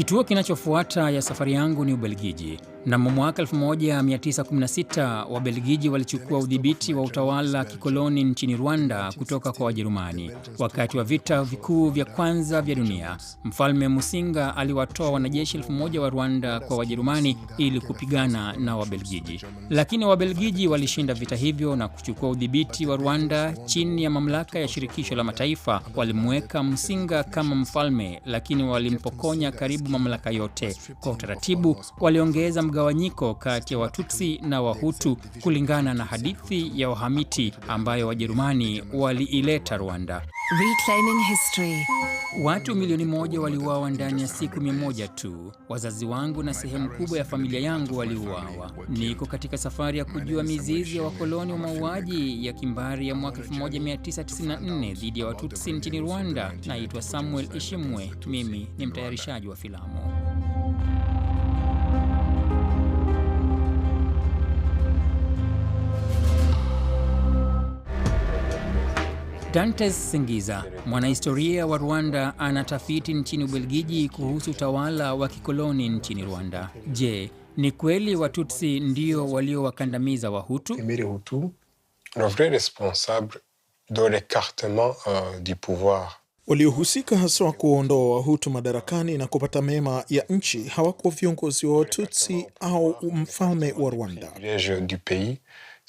Kituo kinachofuata ya safari yangu ni Ubelgiji. Mnamo mwaka 1916 Wabelgiji walichukua udhibiti wa utawala kikoloni nchini Rwanda kutoka kwa Wajerumani. Wakati wa vita vikuu vya kwanza vya dunia, Mfalme Musinga aliwatoa wanajeshi elfu moja wa Rwanda kwa Wajerumani ili kupigana na Wabelgiji, lakini Wabelgiji walishinda vita hivyo na kuchukua udhibiti wa Rwanda chini ya mamlaka ya Shirikisho la Mataifa. Walimweka Musinga kama mfalme, lakini walimpokonya karibu mamlaka yote. Kwa utaratibu, waliongeza mgawanyiko kati ya Watutsi na Wahutu kulingana na hadithi ya wahamiti ambayo Wajerumani waliileta Rwanda. Reclaiming history. Watu milioni moja waliuawa ndani ya siku mia moja tu. Wazazi wangu na sehemu kubwa ya familia yangu waliuawa. Niko katika safari ya kujua mizizi ya wakoloni wa mauaji ya kimbari ya mwaka 1994 dhidi ya Watutsi nchini Rwanda. Naitwa Samuel Ishimwe. Mimi ni mtayarishaji wa filamu. Dantes Singiza, mwanahistoria wa Rwanda, anatafiti nchini Ubelgiji kuhusu utawala wa kikoloni nchini Rwanda. Je, ni kweli Watutsi ndio waliowakandamiza Wahutu? Euh, Waliohusika haswa kuondoa Wahutu madarakani na kupata mema ya nchi hawakuwa viongozi wa Watutsi au mfalme wa Rwanda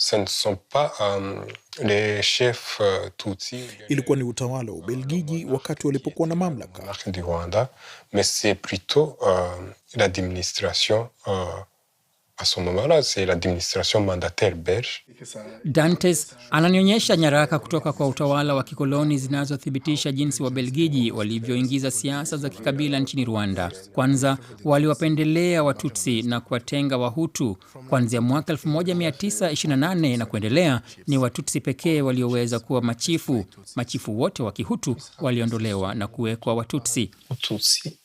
ce ne sont pas um, les chefs uh, tutsi. Ilikuwa ni utawala wa euh, Ubelgiji wakati walipokuwa na euh, mamlaka du Rwanda mais c'est plutôt uh, l'administration uh, à ce moment-là, c'est l'administration mandataire belge. Dantes ananionyesha nyaraka kutoka kwa utawala wa kikoloni zinazothibitisha jinsi Wabelgiji walivyoingiza siasa za kikabila nchini Rwanda. Kwanza waliwapendelea Watutsi na kuwatenga Wahutu. Kuanzia mwaka 1928 na kuendelea, ni Watutsi pekee walioweza kuwa machifu. Machifu wote wa Kihutu waliondolewa na kuwekwa Watutsi. Watutsi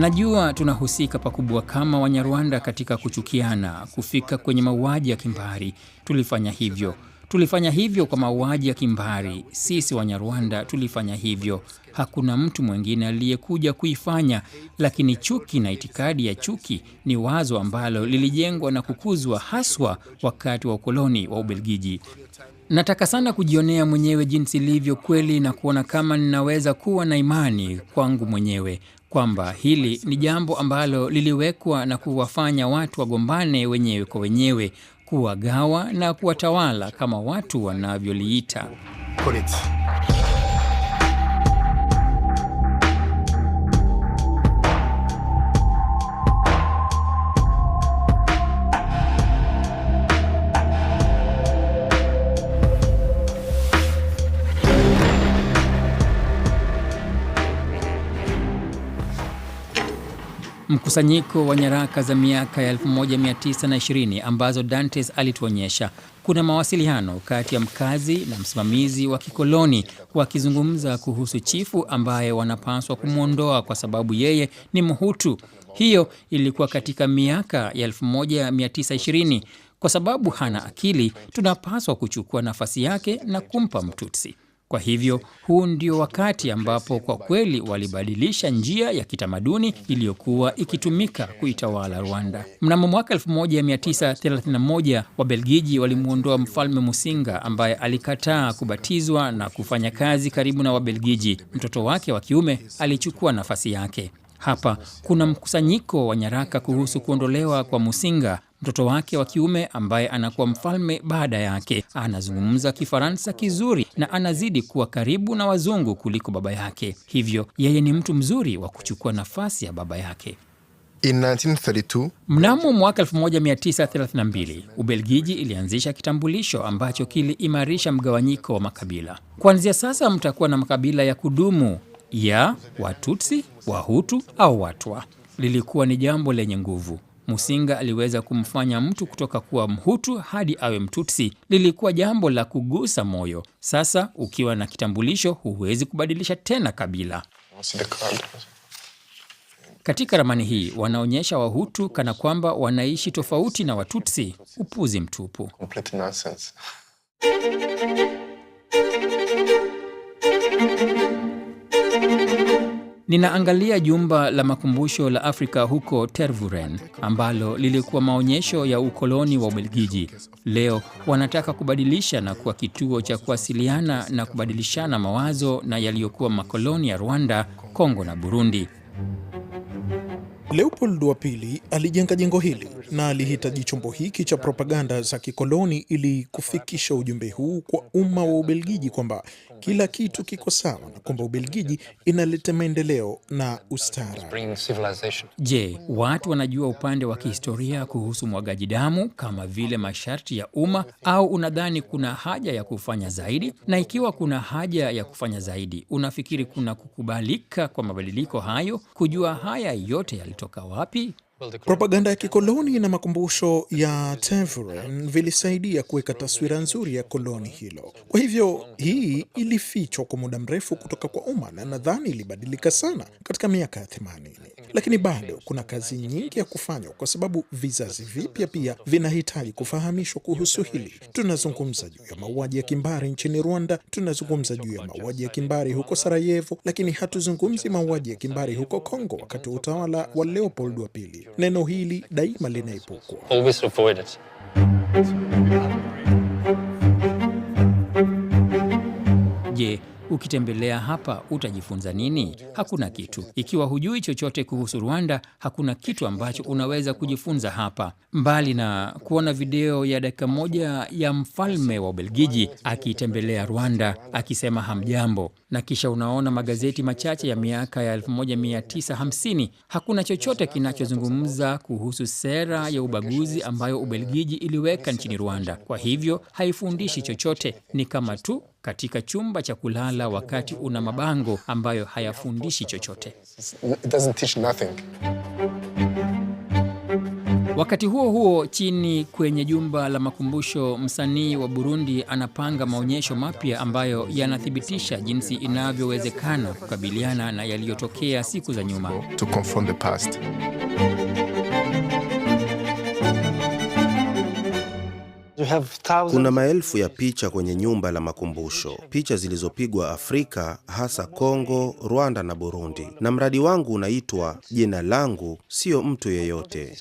Najua tunahusika pakubwa kama Wanyarwanda katika kuchukiana, kufika kwenye mauaji ya kimbari. Tulifanya hivyo, tulifanya hivyo kwa mauaji ya kimbari. Sisi Wanyarwanda tulifanya hivyo, hakuna mtu mwingine aliyekuja kuifanya. Lakini chuki na itikadi ya chuki ni wazo ambalo lilijengwa na kukuzwa haswa wakati wa ukoloni wa Ubelgiji. Nataka sana kujionea mwenyewe jinsi ilivyo kweli na kuona kama ninaweza kuwa na imani kwangu mwenyewe kwamba hili ni jambo ambalo liliwekwa na kuwafanya watu wagombane wenyewe kwa wenyewe, kuwagawa na kuwatawala kama watu wanavyoliita. Mkusanyiko wa nyaraka za miaka ya 1920 ambazo Dantes alituonyesha. Kuna mawasiliano kati ya mkazi na msimamizi wa kikoloni wakizungumza kuhusu chifu ambaye wanapaswa kumwondoa kwa sababu yeye ni Mhutu. Hiyo ilikuwa katika miaka ya 1920. Kwa sababu hana akili, tunapaswa kuchukua nafasi yake na kumpa Mtutsi. Kwa hivyo huu ndio wakati ambapo kwa kweli walibadilisha njia ya kitamaduni iliyokuwa ikitumika kuitawala Rwanda. Mnamo mwaka 1931 Wabelgiji walimwondoa Mfalme Musinga ambaye alikataa kubatizwa na kufanya kazi karibu na Wabelgiji. Mtoto wake wa kiume alichukua nafasi yake. Hapa kuna mkusanyiko wa nyaraka kuhusu kuondolewa kwa Musinga, mtoto wake wa kiume ambaye anakuwa mfalme baada yake. Anazungumza Kifaransa kizuri na anazidi kuwa karibu na wazungu kuliko baba yake, hivyo yeye ni mtu mzuri wa kuchukua nafasi ya baba yake. In 1932, mnamo mwaka 1932 Ubelgiji ilianzisha kitambulisho ambacho kiliimarisha mgawanyiko wa makabila. Kuanzia sasa mtakuwa na makabila ya kudumu ya Watutsi, Wahutu au Watwa. Lilikuwa ni jambo lenye nguvu. Musinga aliweza kumfanya mtu kutoka kuwa Mhutu hadi awe Mtutsi. Lilikuwa jambo la kugusa moyo. Sasa ukiwa na kitambulisho, huwezi kubadilisha tena kabila. Katika ramani hii wanaonyesha Wahutu kana kwamba wanaishi tofauti na Watutsi. Upuzi mtupu. Ninaangalia jumba la makumbusho la Afrika huko Tervuren ambalo lilikuwa maonyesho ya ukoloni wa Ubelgiji. Leo wanataka kubadilisha na kuwa kituo cha kuwasiliana na kubadilishana mawazo na yaliyokuwa makoloni ya Rwanda, Kongo na Burundi. Leopold wa pili alijenga jengo hili na alihitaji chombo hiki cha propaganda za kikoloni ili kufikisha ujumbe huu kwa umma wa Ubelgiji kwamba kila kitu kiko sawa na kwamba Ubelgiji inaleta maendeleo na ustara. Je, watu wanajua upande wa kihistoria kuhusu mwagaji damu kama vile masharti ya umma, au unadhani kuna haja ya kufanya zaidi? Na ikiwa kuna haja ya kufanya zaidi, unafikiri kuna kukubalika kwa mabadiliko hayo, kujua haya yote yalitoka wapi? Propaganda ya kikoloni na makumbusho ya Tevren vilisaidia kuweka taswira nzuri ya koloni hilo. Kwa hivyo hii ilifichwa kwa muda mrefu kutoka kwa umma, na nadhani ilibadilika sana katika miaka ya themanini, lakini bado kuna kazi nyingi ya kufanywa, kwa sababu vizazi vipya pia vinahitaji kufahamishwa kuhusu hili. Tunazungumza juu ya mauaji ya kimbari nchini Rwanda, tunazungumza juu ya mauaji ya kimbari huko Sarajevo, lakini hatuzungumzi mauaji ya kimbari huko Kongo wakati wa utawala wa Leopold wa pili neno hili daima linaepukwa. Ukitembelea hapa utajifunza nini? Hakuna kitu. Ikiwa hujui chochote kuhusu Rwanda, hakuna kitu ambacho unaweza kujifunza hapa, mbali na kuona video ya dakika moja ya mfalme wa Ubelgiji akiitembelea Rwanda akisema hamjambo, na kisha unaona magazeti machache ya miaka ya 1950. Hakuna chochote kinachozungumza kuhusu sera ya ubaguzi ambayo Ubelgiji iliweka nchini Rwanda. Kwa hivyo haifundishi chochote, ni kama tu katika chumba cha kulala wakati una mabango ambayo hayafundishi chochote. Wakati huo huo, chini kwenye jumba la makumbusho, msanii wa Burundi anapanga maonyesho mapya ambayo yanathibitisha jinsi inavyowezekana kukabiliana na yaliyotokea siku za nyuma. To Kuna maelfu ya picha kwenye nyumba la makumbusho, picha zilizopigwa Afrika, hasa Kongo, Rwanda na Burundi. Na mradi wangu unaitwa Jina langu sio mtu yeyote.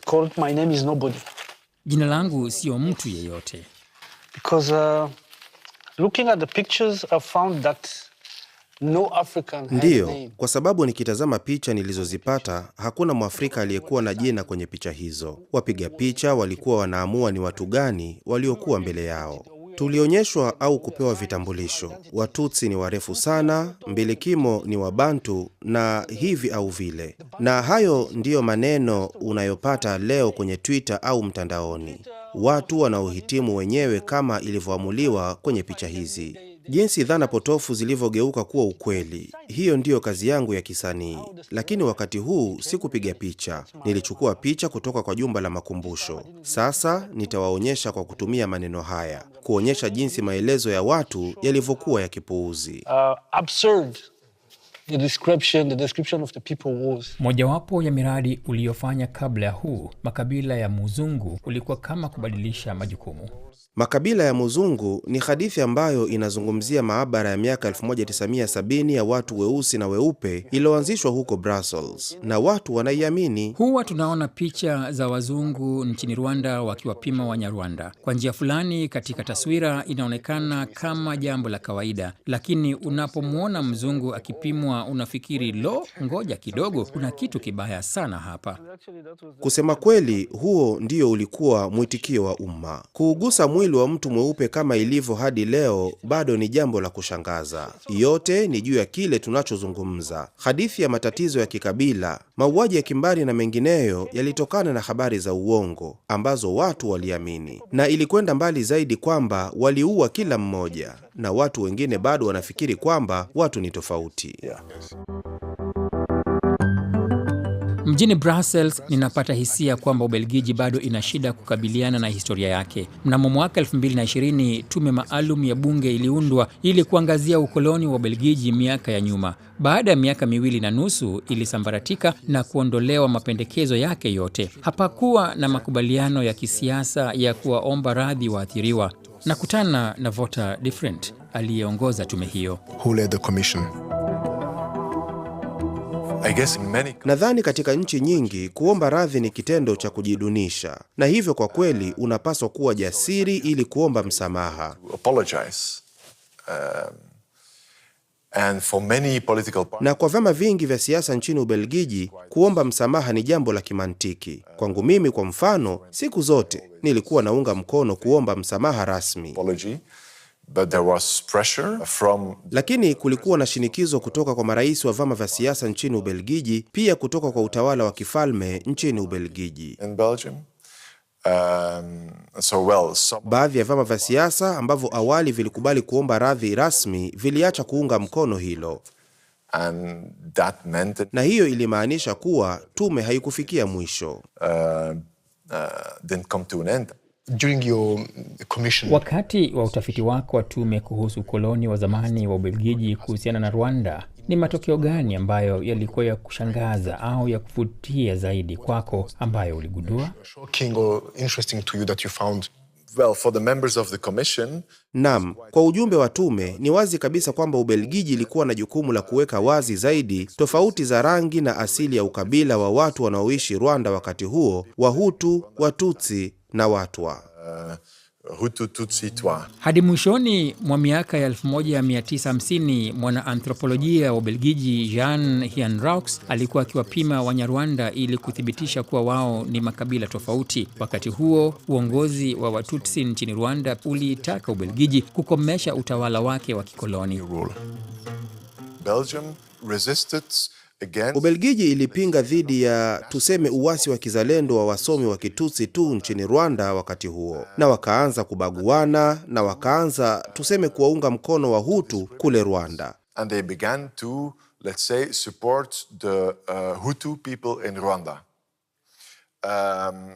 Jina langu sio mtu yeyote. Because, uh, looking at the pictures I found that No African ndiyo Kwa sababu nikitazama picha nilizozipata hakuna Mwafrika aliyekuwa na jina kwenye picha hizo. Wapiga picha walikuwa wanaamua ni watu gani waliokuwa mbele yao. Tulionyeshwa au kupewa vitambulisho. Watutsi ni warefu sana, Mbilikimo ni Wabantu na hivi au vile, na hayo ndiyo maneno unayopata leo kwenye Twitter au mtandaoni, watu wanaohitimu wenyewe kama ilivyoamuliwa kwenye picha hizi jinsi dhana potofu zilivyogeuka kuwa ukweli. Hiyo ndiyo kazi yangu ya kisanii, lakini wakati huu si kupiga picha, nilichukua picha kutoka kwa jumba la makumbusho. Sasa nitawaonyesha kwa kutumia maneno haya, kuonyesha jinsi maelezo ya watu yalivyokuwa ya kipuuzi. Uh, The description, the description of the people was. Mojawapo ya miradi uliyofanya kabla ya huu makabila ya Muzungu ulikuwa kama kubadilisha majukumu. Makabila ya Muzungu ni hadithi ambayo inazungumzia maabara ya miaka 1970 ya watu weusi na weupe iliyoanzishwa huko Brussels na watu wanaiamini. Huwa tunaona picha za wazungu nchini Rwanda wakiwapima Wanyarwanda. Kwa njia fulani, katika taswira inaonekana kama jambo la kawaida, lakini unapomwona mzungu akipimwa unafikiri lo, ngoja kidogo, kuna kitu kibaya sana hapa. Kusema kweli, huo ndio ulikuwa mwitikio wa umma. Kuugusa mwili wa mtu mweupe kama ilivyo hadi leo bado ni jambo la kushangaza. Yote ni juu ya kile tunachozungumza, hadithi ya matatizo ya kikabila, mauaji ya kimbari na mengineyo yalitokana na habari za uongo ambazo watu waliamini, na ilikwenda mbali zaidi kwamba waliua kila mmoja, na watu wengine bado wanafikiri kwamba watu ni tofauti. Yeah. Mjini Brussels ninapata hisia kwamba Ubelgiji bado ina shida kukabiliana na historia yake. Mnamo mwaka 2020 tume maalum ya bunge iliundwa ili kuangazia ukoloni wa Ubelgiji miaka ya nyuma. Baada ya miaka miwili na nusu, ilisambaratika na kuondolewa mapendekezo yake yote. Hapakuwa na makubaliano ya kisiasa ya kuwaomba radhi waathiriwa. Nakutana na Vota Different aliyeongoza tume hiyo. Who led the commission? nadhani katika nchi nyingi kuomba radhi ni kitendo cha kujidunisha, na hivyo kwa kweli unapaswa kuwa jasiri ili kuomba msamaha. Um, and for many political parties, na kwa vyama vingi vya siasa nchini Ubelgiji kuomba msamaha ni jambo la kimantiki. Kwangu mimi, kwa mfano, siku zote nilikuwa naunga mkono kuomba msamaha rasmi. Apology. But there was pressure from... Lakini kulikuwa na shinikizo kutoka kwa marais wa vyama vya siasa nchini Ubelgiji, pia kutoka kwa utawala wa kifalme nchini Ubelgiji. Um, so well, some... baadhi ya vyama vya siasa ambavyo awali vilikubali kuomba radhi rasmi viliacha kuunga mkono hilo. And that meant that... na hiyo ilimaanisha kuwa tume haikufikia mwisho. Uh, uh, didn't come to an end. During your commission. Wakati wa utafiti wako wa tume kuhusu ukoloni wa zamani wa Ubelgiji kuhusiana na Rwanda, ni matokeo gani ambayo yalikuwa ya kushangaza au ya kuvutia zaidi kwako ambayo uligundua? Naam, kwa ujumbe wa tume ni wazi kabisa kwamba Ubelgiji ilikuwa na jukumu la kuweka wazi zaidi tofauti za rangi na asili ya ukabila wa watu wanaoishi Rwanda wakati huo, Wahutu, Watutsi na Watwa. Euh, Hadi mwishoni mwa miaka ya 1950 mwanaanthropolojia wa Ubelgiji Jean Hian rox alikuwa akiwapima Wanyarwanda ili kuthibitisha kuwa wao ni makabila tofauti. Wakati huo uongozi wa Watutsi nchini Rwanda uliitaka Ubelgiji kukomesha utawala wake wa kikoloni Belgium Ubelgiji ilipinga dhidi ya tuseme uwasi wa kizalendo wa wasomi wa kitusi tu nchini Rwanda wakati huo, uh, na wakaanza kubaguana na wakaanza tuseme kuwaunga mkono Hutu kule Rwanda. And they began to, let's say, support the, uh, Hutu people in Rwanda. Um,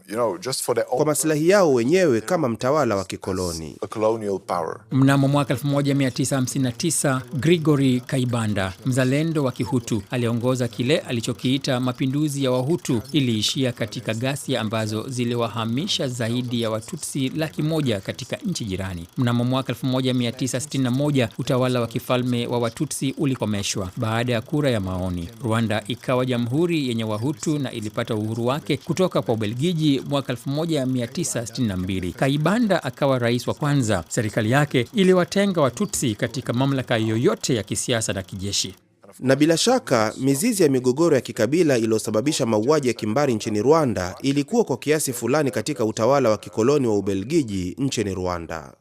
kwa masilahi yao wenyewe kama mtawala wa kikoloni. Mnamo mwaka 1959 Grigori Kaibanda, mzalendo wa Kihutu, aliongoza kile alichokiita mapinduzi ya Wahutu. Iliishia katika ghasia ambazo ziliwahamisha zaidi ya Watutsi laki moja katika nchi jirani. Mnamo mwaka 1961 utawala wa kifalme wa Watutsi ulikomeshwa baada ya kura ya maoni. Rwanda ikawa jamhuri yenye Wahutu na ilipata uhuru wake kutoka kutoka kwa Ubelgiji mwaka 1962. Kaibanda akawa rais wa kwanza. Serikali yake iliwatenga Watutsi katika mamlaka yoyote ya kisiasa na kijeshi. Na bila shaka mizizi ya migogoro ya kikabila iliyosababisha mauaji ya kimbari nchini Rwanda ilikuwa kwa kiasi fulani katika utawala wa kikoloni wa Ubelgiji nchini Rwanda.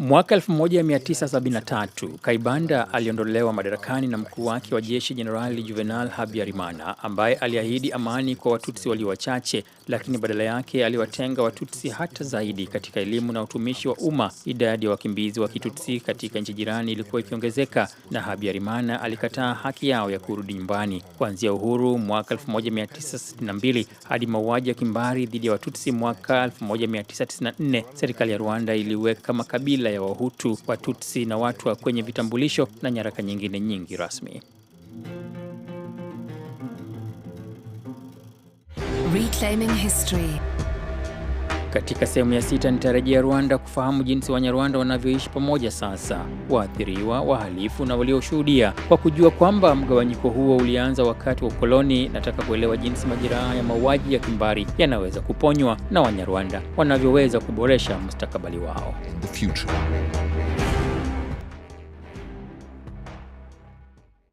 Mwaka 1973 Kaibanda aliondolewa madarakani na mkuu wake wa jeshi Jenerali Juvenal Habyarimana ambaye aliahidi amani kwa Watutsi walio wachache, lakini badala yake aliwatenga Watutsi hata zaidi katika elimu na utumishi wa umma. Idadi ya wakimbizi wa Kitutsi katika nchi jirani ilikuwa ikiongezeka na Habyarimana alikataa haki yao ya kurudi nyumbani. Kuanzia uhuru mwaka 1962 hadi mauaji ya kimbari dhidi ya Watutsi mwaka 1994, serikali ya Rwanda iliweka makabila ya Wahutu, Watutsi na Watwa kwenye vitambulisho na nyaraka nyingine nyingi rasmi. Reclaiming History. Katika sehemu ya sita nitarejea Rwanda kufahamu jinsi Wanyarwanda wanavyoishi pamoja sasa, waathiriwa, wahalifu na walioshuhudia, kwa kujua kwamba mgawanyiko huo ulianza wakati wa ukoloni. Nataka kuelewa jinsi majeraha ya mauaji ya kimbari yanaweza kuponywa na Wanyarwanda wanavyoweza kuboresha mustakabali wao. The future.